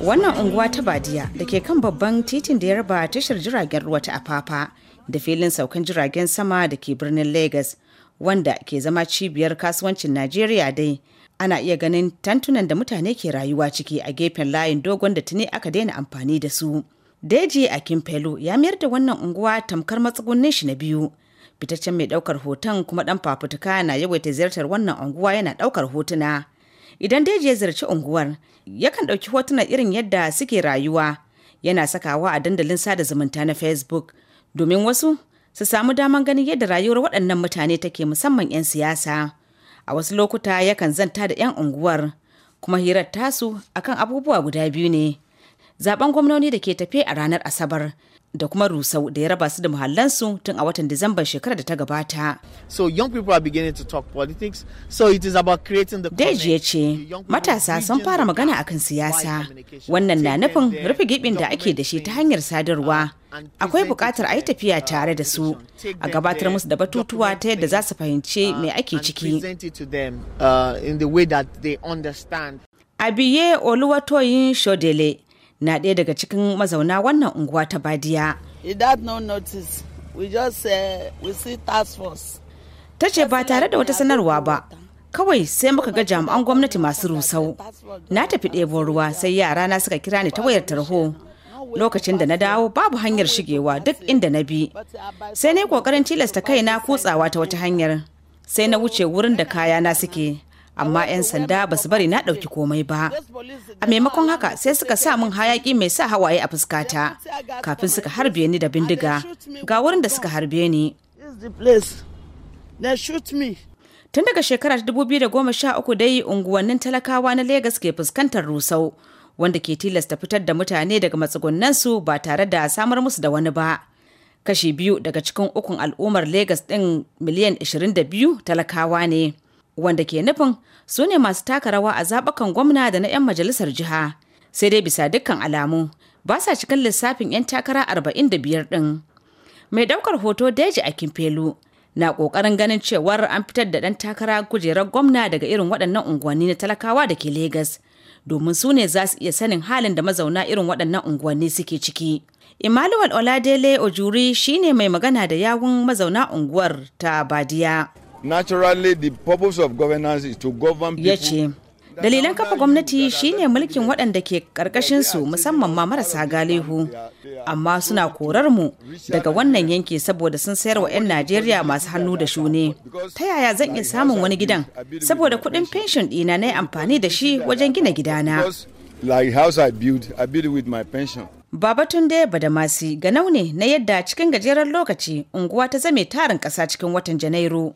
Wannan unguwa ta Badiya da ke kan babban titin da ya raba tashar jiragen ruwa ta Afafa da filin saukan jiragen sama da ke birnin Legas wanda ke zama cibiyar kasuwancin Najeriya dai ana iya ganin tantunan da mutane ke rayuwa ciki a gefen layin dogon da tuni aka daina amfani da su. Deji a Akinfelo ya mayar da wannan unguwa tamkar matsugunnin shi na biyu. fitaccen mai ɗaukar hoton kuma ɗan fafutuka na yawaita ziyartar wannan unguwa yana ɗaukar hotuna idan dai ya ziyarci unguwar yakan ɗauki hotuna irin yadda suke rayuwa yana sakawa a dandalin sada zumunta na facebook domin wasu su samu daman ganin yadda rayuwar waɗannan mutane take musamman 'yan siyasa a wasu lokuta yakan zanta da 'yan unguwar kuma hirar tasu akan abubuwa guda biyu ne zaben gwamnoni da ke tafe a ranar Asabar da kuma rusau da ya raba su da muhallansu tun a watan Disambar shekarar da ta gabata. So young people are beginning to talk politics, so it is about creating the Deji ya ce, matasa sun fara magana akan siyasa, wannan na nufin rufe gibin da ake da shi ta hanyar uh, sadarwa. Akwai bukatar a yi tafiya uh, tare da su, a gabatar musu da batutuwa ta yadda za su fahimci uh, mai ake ciki. a Abiye Oluwatoyin Shodele na ɗaya daga cikin mazauna wannan unguwa ta Badiya. Uh, ta ce ba tare da wata sanarwa ba, kawai sai muka ga jami'an gwamnati masu rusau. Na tafi ɗebo ruwa sai yara na suka kira ni ta wayar tarho. Lokacin da na dawo babu hanyar shigewa duk inda na bi. Sai na yi ƙoƙarin tilasta kaina kutsawa ta wata hanyar. Sai na wuce wurin da kayana suke. amma 'yan sanda ba su bari na ɗauki komai ba a maimakon haka sai suka sa mun hayaki mai sa hawaye a fuskata kafin suka harbe ni da bindiga ga wurin da suka harbe ni tun daga shekarar 2013 dai unguwannin talakawa na Legas ke fuskantar rusau wanda ke tilasta fitar da mutane daga su ba tare da samar musu da wani ba kashi biyu daga cikin ukun al'ummar Legas ɗin miliyan 22 talakawa ne. wanda ke nufin su ne masu taka rawa a zaɓukan gwamna da na 'yan majalisar jiha sai dai bisa dukkan alamu ba sa cikin lissafin 'yan takara 45 ɗin mai ɗaukar hoto daji a kimfelu na ƙoƙarin ganin cewar an fitar da ɗan takara kujerar gwamna daga irin waɗannan unguwanni na talakawa da ke Legas, domin su ne za su iya sanin halin da mazauna irin waɗannan unguwanni suke ciki. Emmanuel Oladele Ojuri shine mai magana da yawun mazauna unguwar ta Badiya. Naturally, the purpose of governance is to govern people. Yace, dalilan kafa gwamnati shine mulkin waɗanda ke su musamman ma marasa galihu. Amma suna korar mu daga wannan yanki saboda sun sayar wa 'yan Najeriya masu hannu da ne. Ta yaya zan iya samun wani gidan? Saboda kuɗin pension ɗina na amfani da shi wajen gina gidana. Like house I build, I build with my pension. Badamasi ne na yadda cikin gajeren lokaci unguwa ta zame tarin ƙasa cikin watan Janairu.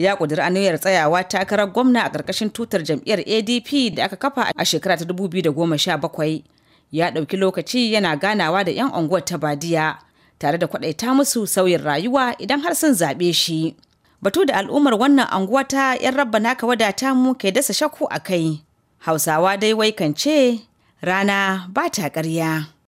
ya ƙudiri aniyar tsayawa takarar gwamna a ƙarƙashin tutar jam'iyyar adp da aka kafa a shekara ta dubu biyu sha bakwai. ya ɗauki lokaci yana ganawa da 'yan unguwar ta badiya tare da kwadaita musu sauyin rayuwa idan har sun zaɓe shi batu da al'ummar wannan anguwa ta 'yan rabba naka wadata mu ke dasa shakku a kai hausawa dai wai kan ce rana ba ta ƙarya